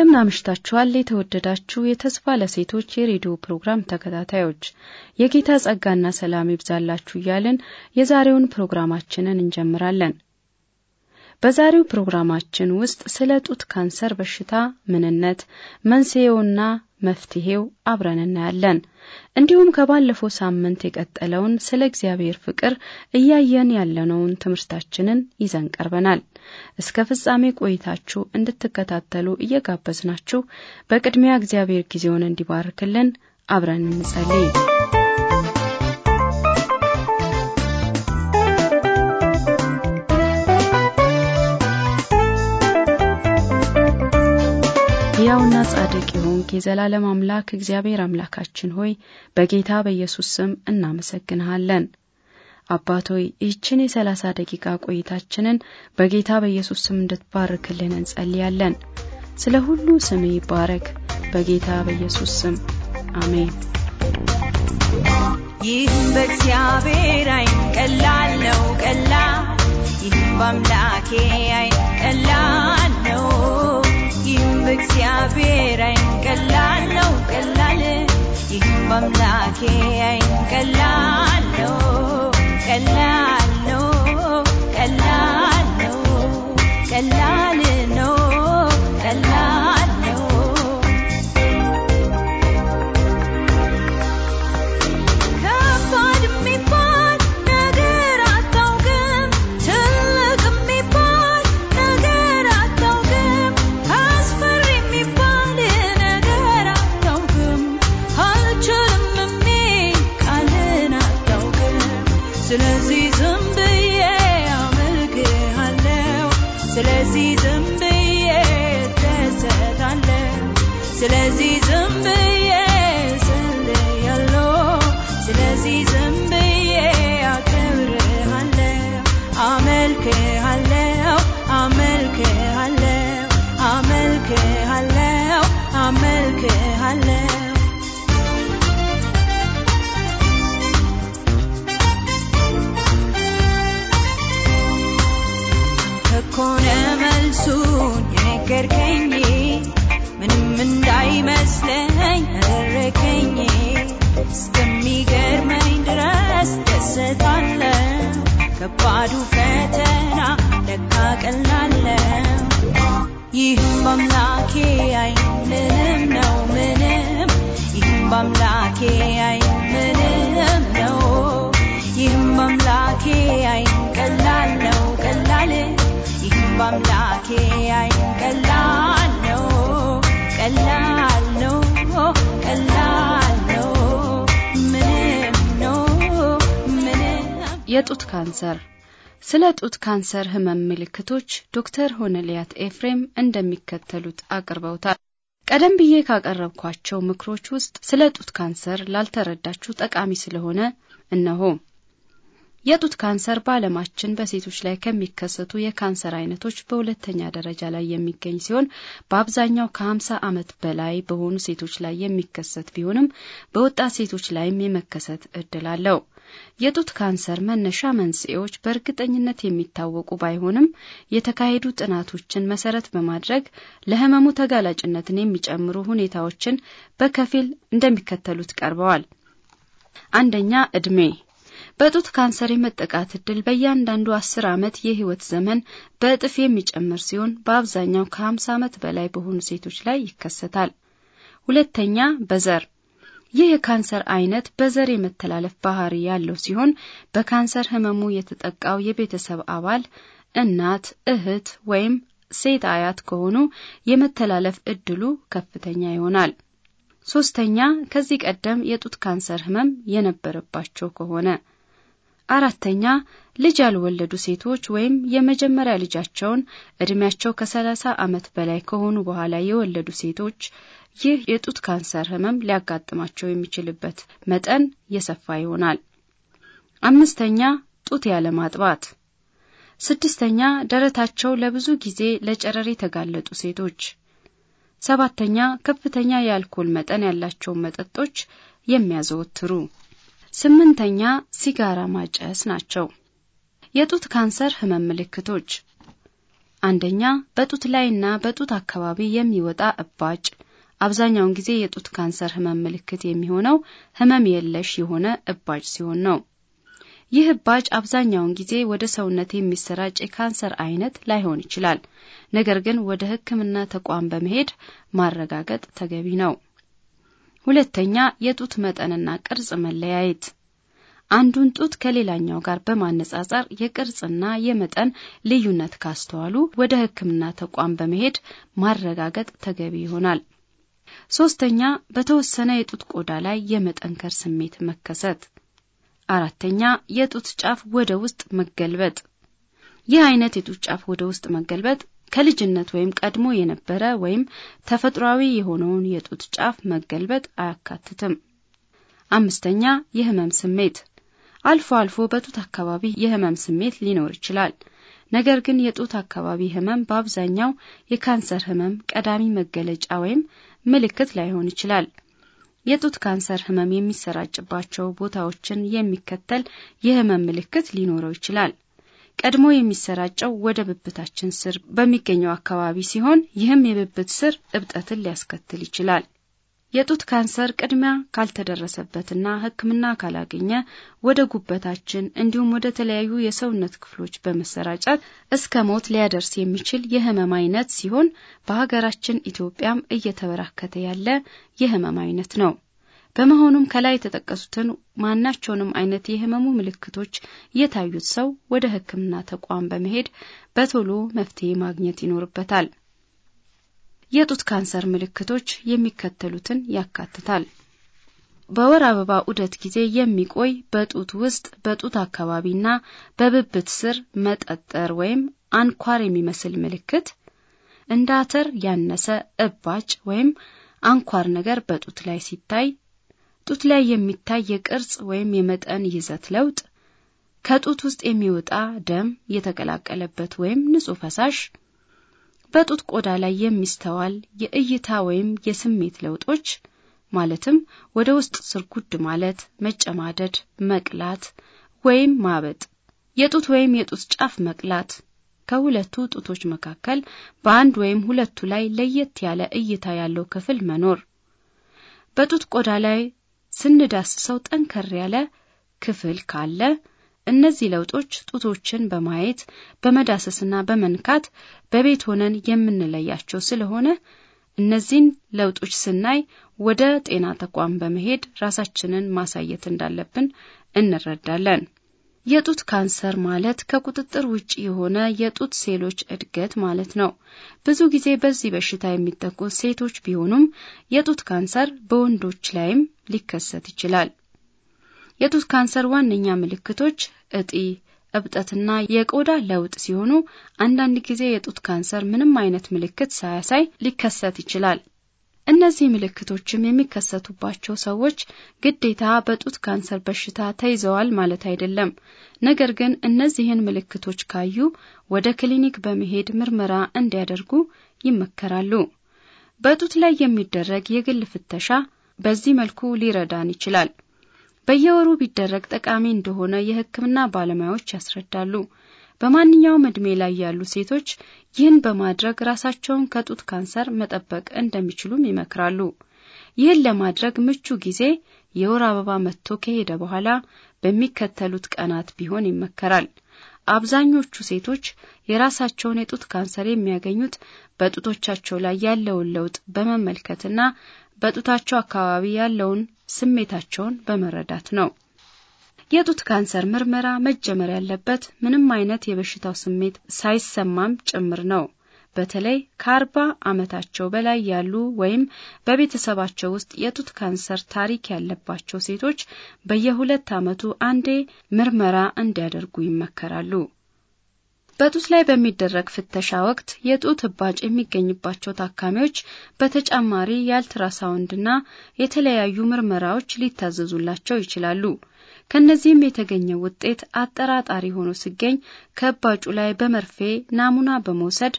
እንደምን አምሽታችኋል የተወደዳችሁ የተስፋ ለሴቶች የሬዲዮ ፕሮግራም ተከታታዮች የጌታ ጸጋና ሰላም ይብዛላችሁ እያልን የዛሬውን ፕሮግራማችንን እንጀምራለን በዛሬው ፕሮግራማችን ውስጥ ስለ ጡት ካንሰር በሽታ ምንነት፣ መንስኤውና መፍትሄው አብረን እናያለን። እንዲሁም ከባለፈው ሳምንት የቀጠለውን ስለ እግዚአብሔር ፍቅር እያየን ያለነውን ትምህርታችንን ይዘን ቀርበናል። እስከ ፍጻሜ ቆይታችሁ እንድትከታተሉ እየጋበዝናችሁ በቅድሚያ እግዚአብሔር ጊዜውን እንዲባርክልን አብረን እንጸልይ። ሕያውና ጻድቅ የሆንክ የዘላለም አምላክ እግዚአብሔር አምላካችን ሆይ በጌታ በኢየሱስ ስም እናመሰግንሃለን። አባት ሆይ ይህችን የሰላሳ ደቂቃ ቆይታችንን በጌታ በኢየሱስ ስም እንድትባርክልን እንጸልያለን። ስለ ሁሉ ስም ይባረክ፣ በጌታ በኢየሱስ ስም አሜን። ይህም በእግዚአብሔር አይን ቀላል ነው ቀላል፣ ይህም በአምላኬ አይን ቀላል እግዚአብሔር አይን ቀላል ነው ቀላል ይህም በአምላኬ አይን ቀላል ነው ቀላል ነው ቀላል ነው ቀላል ነው ቀላል c'est l'aisie de አምላኬ አይን ቀላል ነው ቀላል ነው ቀላል ነው ምንም ነው ምንም የጡት ካንሰር ስለ ጡት ካንሰር ህመም ምልክቶች ዶክተር ሆነልያት ኤፍሬም እንደሚከተሉት አቅርበውታል። ቀደም ብዬ ካቀረብኳቸው ምክሮች ውስጥ ስለ ጡት ካንሰር ላልተረዳችሁ ጠቃሚ ስለሆነ እነሆ። የጡት ካንሰር በዓለማችን በሴቶች ላይ ከሚከሰቱ የካንሰር አይነቶች በሁለተኛ ደረጃ ላይ የሚገኝ ሲሆን በአብዛኛው ከ50 ዓመት በላይ በሆኑ ሴቶች ላይ የሚከሰት ቢሆንም በወጣት ሴቶች ላይም የመከሰት እድል አለው። የጡት ካንሰር መነሻ መንስኤዎች በእርግጠኝነት የሚታወቁ ባይሆንም የተካሄዱ ጥናቶችን መሰረት በማድረግ ለህመሙ ተጋላጭነትን የሚጨምሩ ሁኔታዎችን በከፊል እንደሚከተሉት ቀርበዋል። አንደኛ እድሜ። በጡት ካንሰር የመጠቃት እድል በእያንዳንዱ አስር ዓመት የህይወት ዘመን በእጥፍ የሚጨምር ሲሆን በአብዛኛው ከ50 ዓመት በላይ በሆኑ ሴቶች ላይ ይከሰታል። ሁለተኛ በዘር ይህ የካንሰር አይነት በዘር የመተላለፍ ባህሪ ያለው ሲሆን በካንሰር ህመሙ የተጠቃው የቤተሰብ አባል እናት፣ እህት ወይም ሴት አያት ከሆኑ የመተላለፍ እድሉ ከፍተኛ ይሆናል። ሶስተኛ ከዚህ ቀደም የጡት ካንሰር ህመም የነበረባቸው ከሆነ አራተኛ ልጅ ያልወለዱ ሴቶች ወይም የመጀመሪያ ልጃቸውን ከ ከሰላሳ ዓመት በላይ ከሆኑ በኋላ የወለዱ ሴቶች ይህ የጡት ካንሰር ህመም ሊያጋጥማቸው የሚችልበት መጠን የሰፋ ይሆናል። አምስተኛ ጡት ያለማጥባት። ስድስተኛ ደረታቸው ለብዙ ጊዜ ለጨረር የተጋለጡ ሴቶች። ሰባተኛ ከፍተኛ የአልኮል መጠን ያላቸውን መጠጦች የሚያዘወትሩ ስምንተኛ ሲጋራ ማጨስ ናቸው። የጡት ካንሰር ህመም ምልክቶች አንደኛ በጡት ላይና በጡት አካባቢ የሚወጣ እባጭ። አብዛኛውን ጊዜ የጡት ካንሰር ህመም ምልክት የሚሆነው ህመም የለሽ የሆነ እባጭ ሲሆን ነው። ይህ እባጭ አብዛኛውን ጊዜ ወደ ሰውነት የሚሰራጭ የካንሰር አይነት ላይሆን ይችላል። ነገር ግን ወደ ሕክምና ተቋም በመሄድ ማረጋገጥ ተገቢ ነው። ሁለተኛ የጡት መጠንና ቅርጽ መለያየት አንዱን ጡት ከሌላኛው ጋር በማነጻጸር የቅርጽና የመጠን ልዩነት ካስተዋሉ ወደ ሕክምና ተቋም በመሄድ ማረጋገጥ ተገቢ ይሆናል። ሶስተኛ በተወሰነ የጡት ቆዳ ላይ የመጠንከር ስሜት መከሰት። አራተኛ የጡት ጫፍ ወደ ውስጥ መገልበጥ። ይህ አይነት የጡት ጫፍ ወደ ውስጥ መገልበጥ ከልጅነት ወይም ቀድሞ የነበረ ወይም ተፈጥሯዊ የሆነውን የጡት ጫፍ መገልበጥ አያካትትም። አምስተኛ የህመም ስሜት አልፎ አልፎ በጡት አካባቢ የህመም ስሜት ሊኖር ይችላል። ነገር ግን የጡት አካባቢ ህመም በአብዛኛው የካንሰር ህመም ቀዳሚ መገለጫ ወይም ምልክት ላይሆን ይችላል። የጡት ካንሰር ህመም የሚሰራጭባቸው ቦታዎችን የሚከተል የህመም ምልክት ሊኖረው ይችላል። ቀድሞ የሚሰራጨው ወደ ብብታችን ስር በሚገኘው አካባቢ ሲሆን ይህም የብብት ስር እብጠትን ሊያስከትል ይችላል። የጡት ካንሰር ቅድሚያ ካልተደረሰበትና ሕክምና ካላገኘ ወደ ጉበታችን እንዲሁም ወደ ተለያዩ የሰውነት ክፍሎች በመሰራጨት እስከ ሞት ሊያደርስ የሚችል የህመም አይነት ሲሆን በሀገራችን ኢትዮጵያም እየተበራከተ ያለ የህመም አይነት ነው። በመሆኑም ከላይ የተጠቀሱትን ማናቸውንም አይነት የህመሙ ምልክቶች የታዩት ሰው ወደ ሕክምና ተቋም በመሄድ በቶሎ መፍትሄ ማግኘት ይኖርበታል። የጡት ካንሰር ምልክቶች የሚከተሉትን ያካትታል። በወር አበባ ዑደት ጊዜ የሚቆይ በጡት ውስጥ በጡት አካባቢና በብብት ስር መጠጠር ወይም አንኳር የሚመስል ምልክት፣ እንደ አተር ያነሰ እባጭ ወይም አንኳር ነገር በጡት ላይ ሲታይ ጡት ላይ የሚታይ የቅርጽ ወይም የመጠን ይዘት ለውጥ፣ ከጡት ውስጥ የሚወጣ ደም የተቀላቀለበት ወይም ንጹህ ፈሳሽ፣ በጡት ቆዳ ላይ የሚስተዋል የእይታ ወይም የስሜት ለውጦች ማለትም ወደ ውስጥ ስርጉድ ማለት፣ መጨማደድ፣ መቅላት ወይም ማበጥ፣ የጡት ወይም የጡት ጫፍ መቅላት፣ ከሁለቱ ጡቶች መካከል በአንድ ወይም ሁለቱ ላይ ለየት ያለ እይታ ያለው ክፍል መኖር፣ በጡት ቆዳ ላይ ስንዳስሰው ጠንከር ያለ ክፍል ካለ እነዚህ ለውጦች ጡቶችን በማየት በመዳሰስና በመንካት በቤት ሆነን የምንለያቸው ስለሆነ እነዚህን ለውጦች ስናይ ወደ ጤና ተቋም በመሄድ ራሳችንን ማሳየት እንዳለብን እንረዳለን። የጡት ካንሰር ማለት ከቁጥጥር ውጭ የሆነ የጡት ሴሎች እድገት ማለት ነው። ብዙ ጊዜ በዚህ በሽታ የሚጠቁት ሴቶች ቢሆኑም የጡት ካንሰር በወንዶች ላይም ሊከሰት ይችላል። የጡት ካንሰር ዋነኛ ምልክቶች እጢ፣ እብጠትና የቆዳ ለውጥ ሲሆኑ አንዳንድ ጊዜ የጡት ካንሰር ምንም አይነት ምልክት ሳያሳይ ሊከሰት ይችላል። እነዚህ ምልክቶችም የሚከሰቱባቸው ሰዎች ግዴታ በጡት ካንሰር በሽታ ተይዘዋል ማለት አይደለም። ነገር ግን እነዚህን ምልክቶች ካዩ ወደ ክሊኒክ በመሄድ ምርመራ እንዲያደርጉ ይመከራሉ። በጡት ላይ የሚደረግ የግል ፍተሻ በዚህ መልኩ ሊረዳን ይችላል። በየወሩ ቢደረግ ጠቃሚ እንደሆነ የሕክምና ባለሙያዎች ያስረዳሉ። በማንኛውም እድሜ ላይ ያሉ ሴቶች ይህን በማድረግ ራሳቸውን ከጡት ካንሰር መጠበቅ እንደሚችሉም ይመክራሉ። ይህን ለማድረግ ምቹ ጊዜ የወር አበባ መጥቶ ከሄደ በኋላ በሚከተሉት ቀናት ቢሆን ይመከራል። አብዛኞቹ ሴቶች የራሳቸውን የጡት ካንሰር የሚያገኙት በጡቶቻቸው ላይ ያለውን ለውጥ በመመልከትና በጡታቸው አካባቢ ያለውን ስሜታቸውን በመረዳት ነው። የጡት ካንሰር ምርመራ መጀመር ያለበት ምንም አይነት የበሽታው ስሜት ሳይሰማም ጭምር ነው። በተለይ ከአርባ ዓመታቸው በላይ ያሉ ወይም በቤተሰባቸው ውስጥ የጡት ካንሰር ታሪክ ያለባቸው ሴቶች በየሁለት ዓመቱ አንዴ ምርመራ እንዲያደርጉ ይመከራሉ። በጡት ላይ በሚደረግ ፍተሻ ወቅት የጡት እባጭ የሚገኝባቸው ታካሚዎች በተጨማሪ የአልትራሳውንድና የተለያዩ ምርመራዎች ሊታዘዙላቸው ይችላሉ። ከነዚህም የተገኘው ውጤት አጠራጣሪ ሆኖ ሲገኝ ከእባጩ ላይ በመርፌ ናሙና በመውሰድ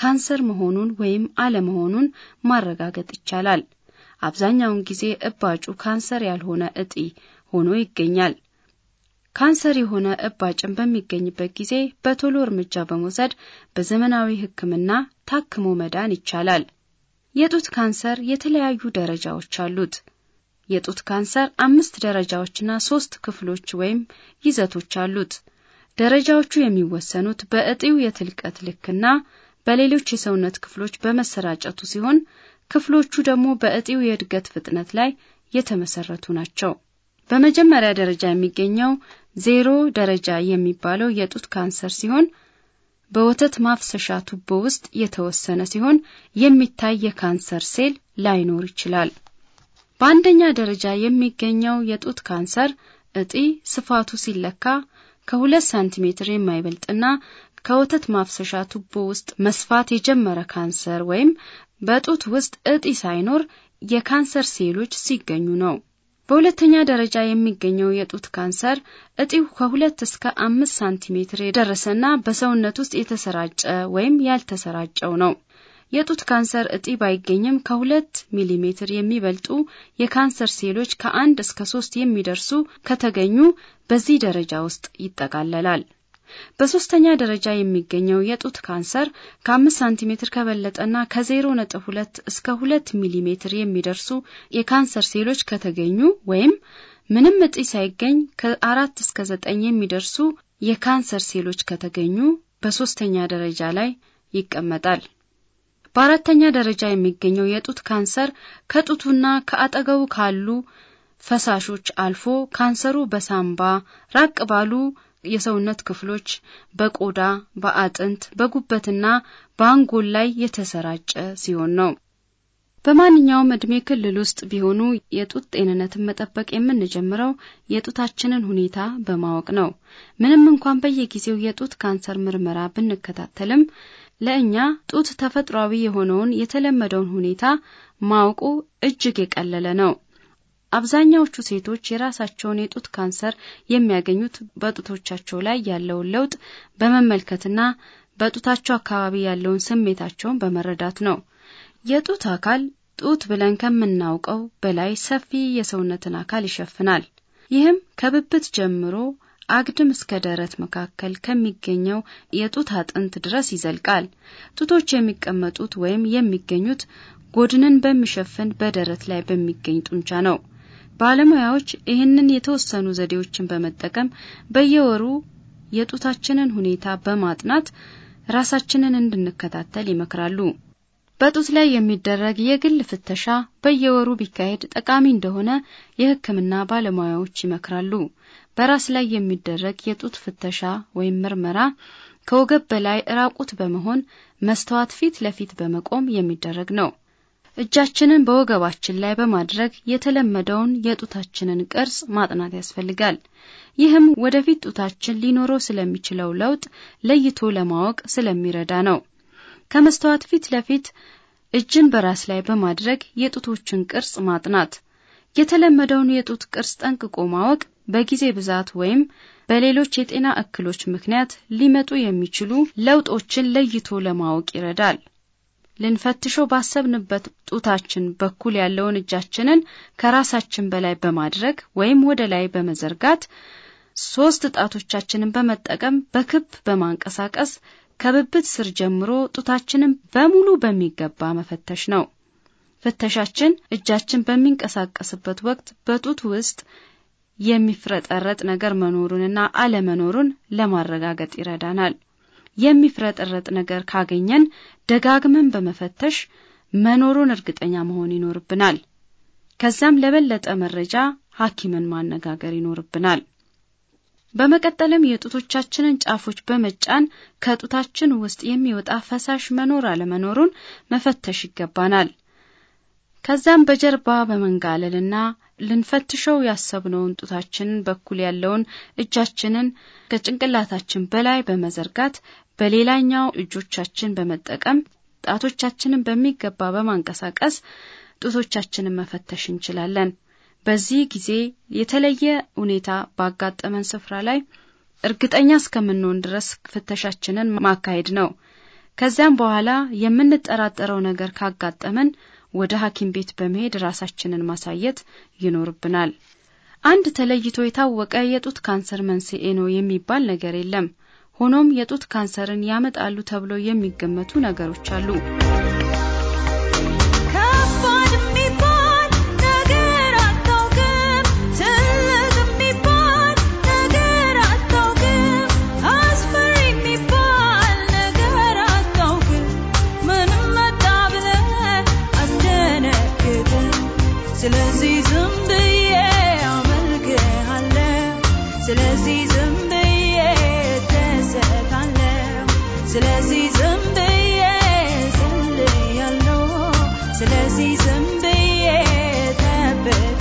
ካንሰር መሆኑን ወይም አለመሆኑን ማረጋገጥ ይቻላል። አብዛኛውን ጊዜ እባጩ ካንሰር ያልሆነ እጢ ሆኖ ይገኛል። ካንሰር የሆነ እባጭን በሚገኝበት ጊዜ በቶሎ እርምጃ በመውሰድ በዘመናዊ ሕክምና ታክሞ መዳን ይቻላል። የጡት ካንሰር የተለያዩ ደረጃዎች አሉት። የጡት ካንሰር አምስት ደረጃዎችና ሶስት ክፍሎች ወይም ይዘቶች አሉት። ደረጃዎቹ የሚወሰኑት በእጢው የትልቀት ልክና በሌሎች የሰውነት ክፍሎች በመሰራጨቱ ሲሆን ክፍሎቹ ደግሞ በእጢው የእድገት ፍጥነት ላይ የተመሰረቱ ናቸው። በመጀመሪያ ደረጃ የሚገኘው ዜሮ ደረጃ የሚባለው የጡት ካንሰር ሲሆን በወተት ማፍሰሻ ቱቦ ውስጥ የተወሰነ ሲሆን የሚታይ የካንሰር ሴል ላይኖር ይችላል። በአንደኛ ደረጃ የሚገኘው የጡት ካንሰር እጢ ስፋቱ ሲለካ ከሁለት ሳንቲሜትር የማይበልጥና ከወተት ማፍሰሻ ቱቦ ውስጥ መስፋት የጀመረ ካንሰር ወይም በጡት ውስጥ እጢ ሳይኖር የካንሰር ሴሎች ሲገኙ ነው። በሁለተኛ ደረጃ የሚገኘው የጡት ካንሰር እጢው ከሁለት እስከ አምስት ሳንቲሜትር የደረሰና በሰውነት ውስጥ የተሰራጨ ወይም ያልተሰራጨው ነው። የጡት ካንሰር እጢ ባይገኝም ከሁለት ሚሊሜትር የሚበልጡ የካንሰር ሴሎች ከአንድ እስከ ሶስት የሚደርሱ ከተገኙ በዚህ ደረጃ ውስጥ ይጠቃለላል። በሶስተኛ ደረጃ የሚገኘው የጡት ካንሰር ከአምስት ሳንቲሜትር ከበለጠና ከዜሮ ነጥብ ሁለት እስከ ሁለት ሚሊሜትር የሚደርሱ የካንሰር ሴሎች ከተገኙ ወይም ምንም እጢ ሳይገኝ ከአራት እስከ ዘጠኝ የሚደርሱ የካንሰር ሴሎች ከተገኙ በሶስተኛ ደረጃ ላይ ይቀመጣል። በአራተኛ ደረጃ የሚገኘው የጡት ካንሰር ከጡቱና ከአጠገቡ ካሉ ፈሳሾች አልፎ ካንሰሩ በሳምባ ራቅ ባሉ የሰውነት ክፍሎች በቆዳ፣ በአጥንት፣ በጉበትና በአንጎል ላይ የተሰራጨ ሲሆን ነው። በማንኛውም እድሜ ክልል ውስጥ ቢሆኑ የጡት ጤንነትን መጠበቅ የምንጀምረው የጡታችንን ሁኔታ በማወቅ ነው። ምንም እንኳን በየጊዜው የጡት ካንሰር ምርመራ ብንከታተልም ለእኛ ጡት ተፈጥሯዊ የሆነውን የተለመደውን ሁኔታ ማወቁ እጅግ የቀለለ ነው። አብዛኛዎቹ ሴቶች የራሳቸውን የጡት ካንሰር የሚያገኙት በጡቶቻቸው ላይ ያለውን ለውጥ በመመልከትና በጡታቸው አካባቢ ያለውን ስሜታቸውን በመረዳት ነው። የጡት አካል ጡት ብለን ከምናውቀው በላይ ሰፊ የሰውነትን አካል ይሸፍናል። ይህም ከብብት ጀምሮ አግድም እስከ ደረት መካከል ከሚገኘው የጡት አጥንት ድረስ ይዘልቃል። ጡቶች የሚቀመጡት ወይም የሚገኙት ጎድንን በሚሸፍን በደረት ላይ በሚገኝ ጡንቻ ነው። ባለሙያዎች ይህንን የተወሰኑ ዘዴዎችን በመጠቀም በየወሩ የጡታችንን ሁኔታ በማጥናት ራሳችንን እንድንከታተል ይመክራሉ። በጡት ላይ የሚደረግ የግል ፍተሻ በየወሩ ቢካሄድ ጠቃሚ እንደሆነ የሕክምና ባለሙያዎች ይመክራሉ። በራስ ላይ የሚደረግ የጡት ፍተሻ ወይም ምርመራ ከወገብ በላይ ራቁት በመሆን መስተዋት ፊት ለፊት በመቆም የሚደረግ ነው። እጃችንን በወገባችን ላይ በማድረግ የተለመደውን የጡታችንን ቅርጽ ማጥናት ያስፈልጋል። ይህም ወደፊት ጡታችን ሊኖረው ስለሚችለው ለውጥ ለይቶ ለማወቅ ስለሚረዳ ነው። ከመስተዋት ፊት ለፊት እጅን በራስ ላይ በማድረግ የጡቶችን ቅርጽ ማጥናት የተለመደውን የጡት ቅርጽ ጠንቅቆ ማወቅ በጊዜ ብዛት ወይም በሌሎች የጤና እክሎች ምክንያት ሊመጡ የሚችሉ ለውጦችን ለይቶ ለማወቅ ይረዳል። ልንፈትሾ ባሰብንበት ጡታችን በኩል ያለውን እጃችንን ከራሳችን በላይ በማድረግ ወይም ወደ ላይ በመዘርጋት ሶስት ጣቶቻችንን በመጠቀም በክብ በማንቀሳቀስ ከብብት ስር ጀምሮ ጡታችንን በሙሉ በሚገባ መፈተሽ ነው። ፍተሻችን እጃችን በሚንቀሳቀስበት ወቅት በጡት ውስጥ የሚፍረጠረጥ ነገር መኖሩንና አለመኖሩን ለማረጋገጥ ይረዳናል። የሚፍረጠረጥ ነገር ካገኘን ደጋግመን በመፈተሽ መኖሩን እርግጠኛ መሆን ይኖርብናል። ከዚያም ለበለጠ መረጃ ሐኪምን ማነጋገር ይኖርብናል። በመቀጠልም የጡቶቻችንን ጫፎች በመጫን ከጡታችን ውስጥ የሚወጣ ፈሳሽ መኖር አለመኖሩን መፈተሽ ይገባናል። ከዚያም በጀርባ በመንጋለልና ልንፈትሸው ያሰብነውን ጡታችንን በኩል ያለውን እጃችንን ከጭንቅላታችን በላይ በመዘርጋት በሌላኛው እጆቻችን በመጠቀም ጣቶቻችንን በሚገባ በማንቀሳቀስ ጡቶቻችንን መፈተሽ እንችላለን። በዚህ ጊዜ የተለየ ሁኔታ ባጋጠመን ስፍራ ላይ እርግጠኛ እስከምንሆን ድረስ ፍተሻችንን ማካሄድ ነው። ከዚያም በኋላ የምንጠራጠረው ነገር ካጋጠመን ወደ ሐኪም ቤት በመሄድ ራሳችንን ማሳየት ይኖርብናል። አንድ ተለይቶ የታወቀ የጡት ካንሰር መንስኤ ነው የሚባል ነገር የለም። ሆኖም የጡት ካንሰርን ያመጣሉ ተብለው የሚገመቱ ነገሮች አሉ። ስለዚህ ዝም ብዬ ስለዚህ ዝም ብዬ ስለዚህ ዝም ብዬ ጸልያለሁ ስለዚህ ዝም ብዬ እጠብቃለሁ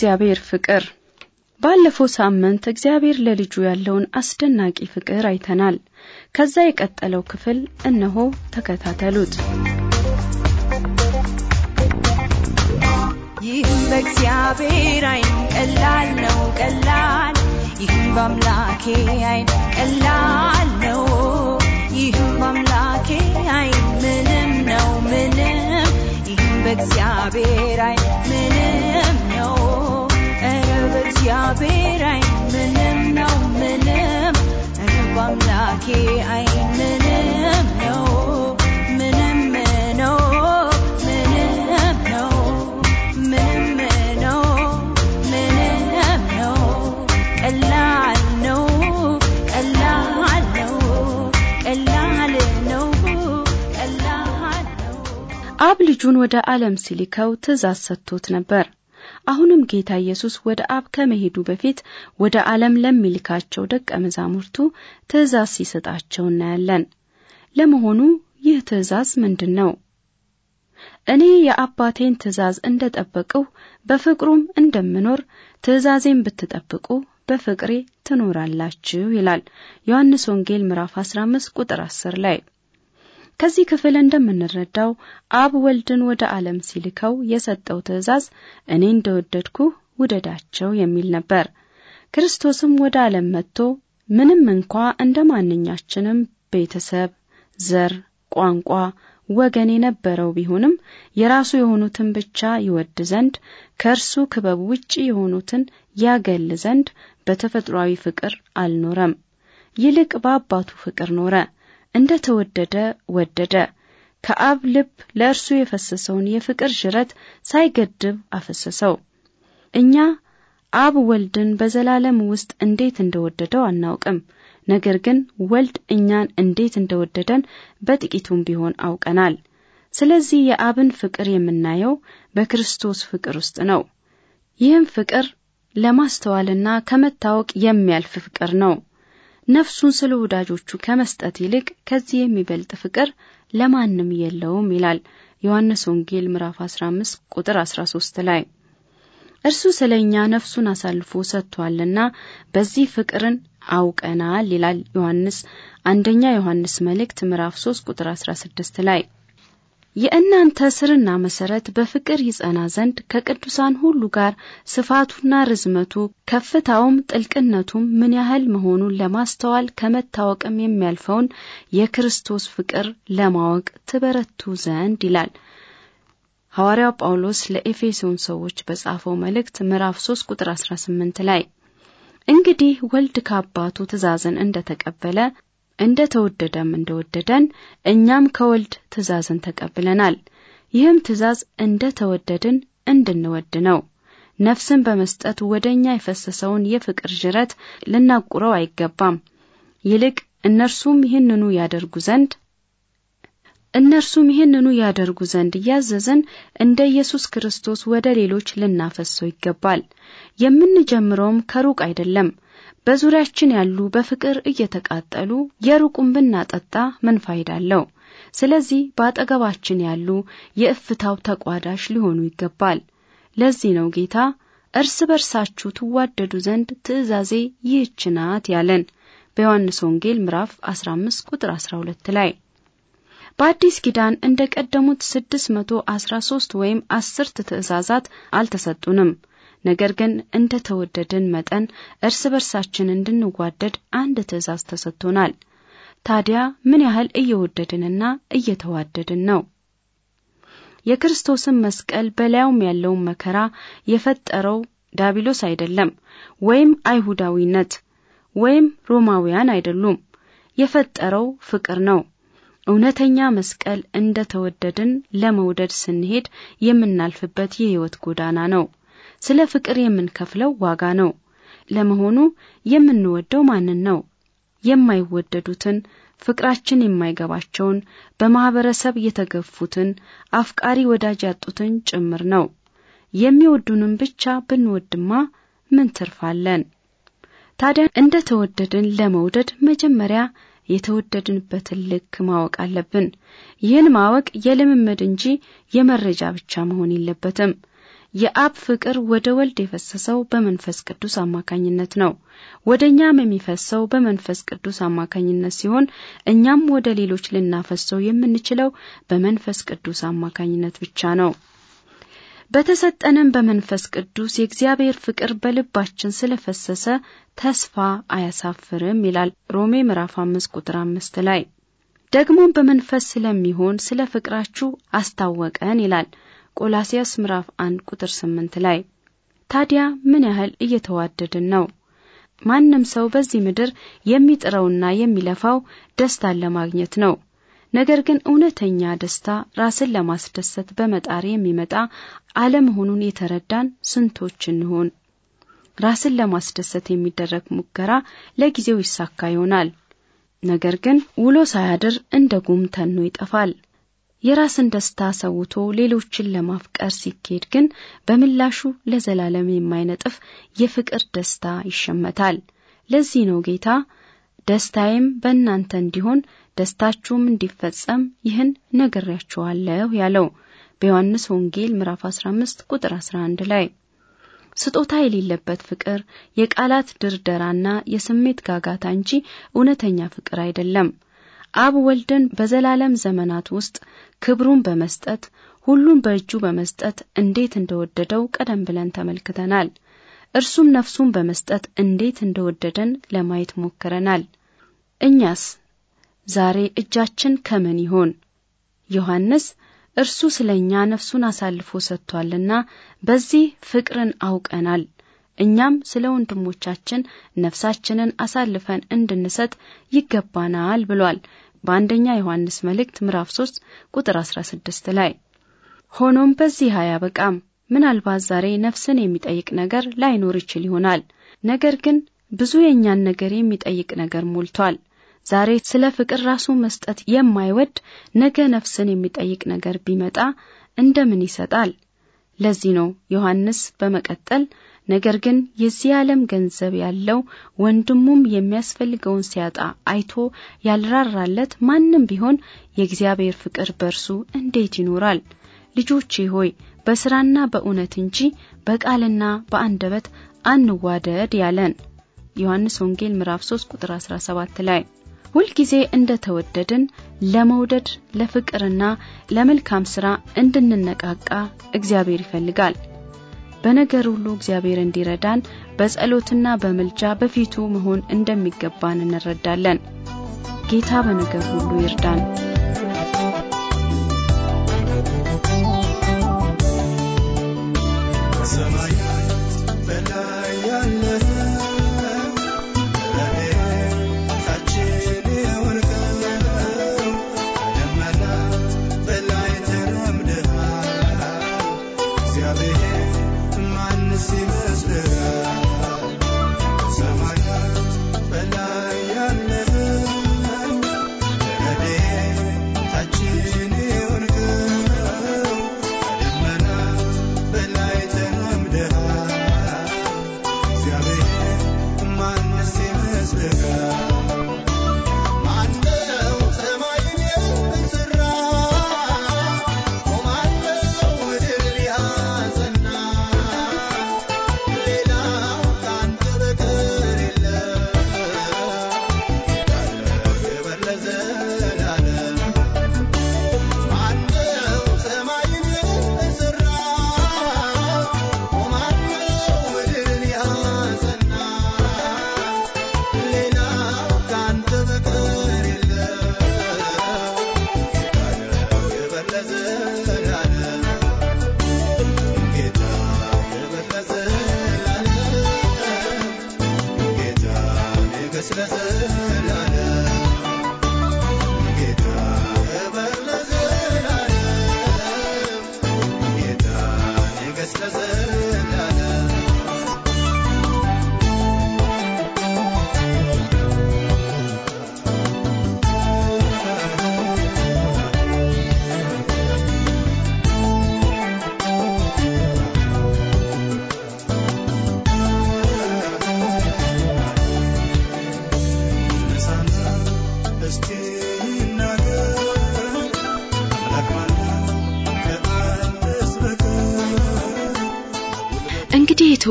የእግዚአብሔር ፍቅር ባለፈው ሳምንት እግዚአብሔር ለልጁ ያለውን አስደናቂ ፍቅር አይተናል። ከዛ የቀጠለው ክፍል እነሆ ተከታተሉት። ይህም በእግዚአብሔር አይን ቀላል ነው ቀላል፣ ይህም በአምላኬ አይን ቀላል በእግዚአብሔር አይ ምንም ነው። ኧረ በእግዚአብሔር ምንም ነው ምንም በአምላኬ አይ ምንም ነው አብ ልጁን ወደ ዓለም ሲልከው ትእዛዝ ሰጥቶት ነበር። አሁንም ጌታ ኢየሱስ ወደ አብ ከመሄዱ በፊት ወደ ዓለም ለሚልካቸው ደቀ መዛሙርቱ ትእዛዝ ሲሰጣቸው እናያለን። ለመሆኑ ይህ ትእዛዝ ምንድን ነው? እኔ የአባቴን ትእዛዝ እንደ ጠበቅሁ በፍቅሩም እንደምኖር ትእዛዜን ብትጠብቁ በፍቅሬ ትኖራላችሁ ይላል ዮሐንስ ወንጌል ምዕራፍ 15 ቁጥር 10 ላይ። ከዚህ ክፍል እንደምንረዳው አብ ወልድን ወደ ዓለም ሲልከው የሰጠው ትእዛዝ እኔ እንደወደድኩ ውደዳቸው የሚል ነበር። ክርስቶስም ወደ ዓለም መጥቶ ምንም እንኳ እንደ ማንኛችንም ቤተሰብ፣ ዘር፣ ቋንቋ፣ ወገን የነበረው ቢሆንም የራሱ የሆኑትን ብቻ ይወድ ዘንድ ከእርሱ ክበብ ውጪ የሆኑትን ያገል ዘንድ በተፈጥሯዊ ፍቅር አልኖረም። ይልቅ በአባቱ ፍቅር ኖረ። እንደ ተወደደ ወደደ። ከአብ ልብ ለእርሱ የፈሰሰውን የፍቅር ሽረት ሳይገድብ አፈሰሰው። እኛ አብ ወልድን በዘላለም ውስጥ እንዴት እንደወደደው አናውቅም። ነገር ግን ወልድ እኛን እንዴት እንደወደደን በጥቂቱም ቢሆን አውቀናል። ስለዚህ የአብን ፍቅር የምናየው በክርስቶስ ፍቅር ውስጥ ነው። ይህም ፍቅር ለማስተዋልና ከመታወቅ የሚያልፍ ፍቅር ነው። ነፍሱን ስለ ወዳጆቹ ከመስጠት ይልቅ ከዚህ የሚበልጥ ፍቅር ለማንም የለውም ይላል ዮሐንስ ወንጌል ምዕራፍ 15 ቁጥር 13 ላይ። እርሱ ስለ እኛ ነፍሱን አሳልፎ ሰጥቷልና በዚህ ፍቅርን አውቀናል ይላል ዮሐንስ አንደኛ ዮሐንስ መልእክት ምዕራፍ 3 ቁጥር 16 ላይ። የእናንተ ስርና መሰረት በፍቅር ይጸና ዘንድ ከቅዱሳን ሁሉ ጋር ስፋቱና ርዝመቱ ከፍታውም ጥልቅነቱም ምን ያህል መሆኑን ለማስተዋል ከመታወቅም የሚያልፈውን የክርስቶስ ፍቅር ለማወቅ ትበረቱ ዘንድ ይላል። ሐዋርያው ጳውሎስ ለኤፌሶን ሰዎች በጻፈው መልእክት ምዕራፍ 3 ቁጥር 18 ላይ እንግዲህ ወልድ ከአባቱ ትእዛዝን እንደተቀበለ እንደ ተወደደም እንደ ወደደን እኛም ከወልድ ትእዛዝን ተቀብለናል። ይህም ትእዛዝ እንደ ተወደድን እንድንወድ ነው። ነፍስን በመስጠት ወደ እኛ የፈሰሰውን የፍቅር ጅረት ልናቁረው አይገባም። ይልቅ እነርሱም ይህንኑ ያደርጉ ዘንድ እነርሱም ይህንኑ ያደርጉ ዘንድ እያዘዝን እንደ ኢየሱስ ክርስቶስ ወደ ሌሎች ልናፈሰው ይገባል። የምንጀምረውም ከሩቅ አይደለም። በዙሪያችን ያሉ በፍቅር እየተቃጠሉ የሩቁን ብናጠጣ ምን ፋይዳ አለው? ስለዚህ በአጠገባችን ያሉ የእፍታው ተቋዳሽ ሊሆኑ ይገባል። ለዚህ ነው ጌታ እርስ በርሳችሁ ትዋደዱ ዘንድ ትእዛዜ ይህች ናት ያለን በዮሐንስ ወንጌል ምዕራፍ 15 ቁጥር 12 ላይ በአዲስ ኪዳን እንደ ቀደሙት 613 ወይም አስርት ትእዛዛት አልተሰጡንም። ነገር ግን እንደ ተወደድን መጠን እርስ በርሳችን እንድንዋደድ አንድ ትእዛዝ ተሰጥቶናል። ታዲያ ምን ያህል እየወደድንና እየተዋደድን ነው? የክርስቶስን መስቀል በላዩም ያለውን መከራ የፈጠረው ዳቢሎስ አይደለም፣ ወይም አይሁዳዊነት ወይም ሮማውያን አይደሉም። የፈጠረው ፍቅር ነው። እውነተኛ መስቀል እንደ ተወደድን ለመውደድ ስንሄድ የምናልፍበት የሕይወት ጎዳና ነው። ስለ ፍቅር የምንከፍለው ዋጋ ነው። ለመሆኑ የምንወደው ማንን ነው? የማይወደዱትን ፍቅራችን የማይገባቸውን በማህበረሰብ የተገፉትን አፍቃሪ ወዳጅ ያጡትን ጭምር ነው። የሚወዱንም ብቻ ብንወድማ ምን ትርፋለን? ታዲያ እንደ ተወደድን ለመውደድ መጀመሪያ የተወደድንበትን ልክ ማወቅ አለብን። ይህን ማወቅ የልምምድ እንጂ የመረጃ ብቻ መሆን የለበትም። የአብ ፍቅር ወደ ወልድ የፈሰሰው በመንፈስ ቅዱስ አማካኝነት ነው። ወደ እኛም የሚፈሰው በመንፈስ ቅዱስ አማካኝነት ሲሆን እኛም ወደ ሌሎች ልናፈሰው የምንችለው በመንፈስ ቅዱስ አማካኝነት ብቻ ነው። በተሰጠንም በመንፈስ ቅዱስ የእግዚአብሔር ፍቅር በልባችን ስለፈሰሰ ተስፋ አያሳፍርም ይላል ሮሜ ምዕራፍ አምስት ቁጥር አምስት ላይ ደግሞም በመንፈስ ስለሚሆን ስለ ፍቅራችሁ አስታወቀን ይላል ቆላሲያስ ምዕራፍ 1 ቁጥር ስምንት ላይ ታዲያ ምን ያህል እየተዋደድን ነው? ማንም ሰው በዚህ ምድር የሚጥረውና የሚለፋው ደስታን ለማግኘት ነው። ነገር ግን እውነተኛ ደስታ ራስን ለማስደሰት በመጣር የሚመጣ አለመሆኑን የተረዳን ስንቶች እንሆን? ራስን ለማስደሰት የሚደረግ ሙከራ ለጊዜው ይሳካ ይሆናል። ነገር ግን ውሎ ሳያድር እንደ ጉም ተኖ ይጠፋል። የራስን ደስታ ሰውቶ ሌሎችን ለማፍቀር ሲኬድ ግን በምላሹ ለዘላለም የማይነጥፍ የፍቅር ደስታ ይሸመታል። ለዚህ ነው ጌታ ደስታዬም በእናንተ እንዲሆን ደስታችሁም እንዲፈጸም ይህን ነግሬያችኋለሁ ያለው በዮሐንስ ወንጌል ምዕራፍ 15 ቁጥር 11 ላይ። ስጦታ የሌለበት ፍቅር የቃላት ድርደራና የስሜት ጋጋታ እንጂ እውነተኛ ፍቅር አይደለም። አብ ወልደን በዘላለም ዘመናት ውስጥ ክብሩን በመስጠት ሁሉን በእጁ በመስጠት እንዴት እንደወደደው ቀደም ብለን ተመልክተናል። እርሱም ነፍሱን በመስጠት እንዴት እንደወደደን ለማየት ሞክረናል። እኛስ ዛሬ እጃችን ከምን ይሆን? ዮሐንስ እርሱ ስለ እኛ ነፍሱን አሳልፎ ሰጥቷልና በዚህ ፍቅርን አውቀናል እኛም ስለ ወንድሞቻችን ነፍሳችንን አሳልፈን እንድንሰጥ ይገባናል ብሏል በአንደኛ ዮሐንስ መልእክት ምዕራፍ 3 ቁጥር 16 ላይ። ሆኖም በዚህ አያበቃም። ምናልባት ዛሬ ነፍስን የሚጠይቅ ነገር ላይኖር ይችል ይሆናል። ነገር ግን ብዙ የእኛን ነገር የሚጠይቅ ነገር ሞልቷል። ዛሬ ስለ ፍቅር ራሱ መስጠት የማይወድ ነገ ነፍስን የሚጠይቅ ነገር ቢመጣ እንደምን ይሰጣል? ለዚህ ነው ዮሐንስ በመቀጠል ነገር ግን የዚህ ዓለም ገንዘብ ያለው ወንድሙም የሚያስፈልገውን ሲያጣ አይቶ ያልራራለት ማንም ቢሆን የእግዚአብሔር ፍቅር በእርሱ እንዴት ይኖራል? ልጆቼ ሆይ በስራና በእውነት እንጂ በቃልና በአንደበት አንዋደድ ያለን ዮሐንስ ወንጌል ምዕራፍ 3 ቁጥር 17 ላይ ሁልጊዜ እንደ ተወደድን ለመውደድ ለፍቅርና ለመልካም ስራ እንድንነቃቃ እግዚአብሔር ይፈልጋል። በነገር ሁሉ እግዚአብሔር እንዲረዳን በጸሎትና በምልጃ በፊቱ መሆን እንደሚገባን እንረዳለን። ጌታ በነገር ሁሉ ይርዳን።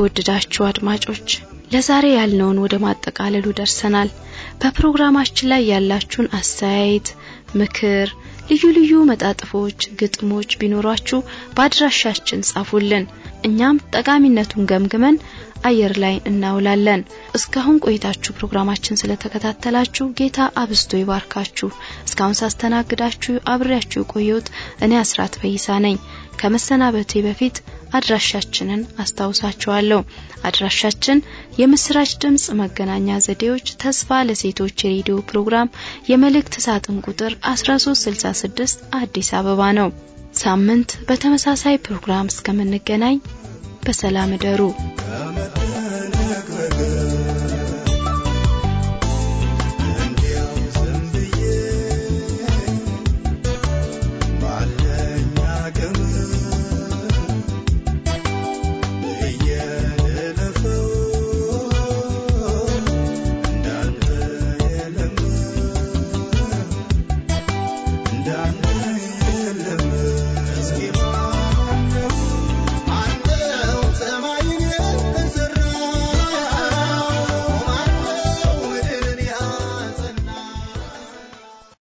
የተወደዳችሁ አድማጮች ለዛሬ ያልነውን ወደ ማጠቃለሉ ደርሰናል። በፕሮግራማችን ላይ ያላችሁን አስተያየት፣ ምክር፣ ልዩ ልዩ መጣጥፎች፣ ግጥሞች ቢኖሯችሁ በአድራሻችን ጻፉልን። እኛም ጠቃሚነቱን ገምግመን አየር ላይ እናውላለን። እስካሁን ቆይታችሁ ፕሮግራማችን ስለተከታተላችሁ ጌታ አብስቶ ይባርካችሁ። እስካሁን ሳስተናግዳችሁ አብሬያችሁ የቆየውት እኔ አስራት ፈይሳ ነኝ። ከመሰናበቴ በፊት አድራሻችንን አስታውሳችኋለሁ። አድራሻችን የምስራች ድምጽ መገናኛ ዘዴዎች ተስፋ ለሴቶች የሬዲዮ ፕሮግራም የመልእክት ሳጥን ቁጥር 1366 አዲስ አበባ ነው። ሳምንት በተመሳሳይ ፕሮግራም እስከምንገናኝ በሰላም እደሩ።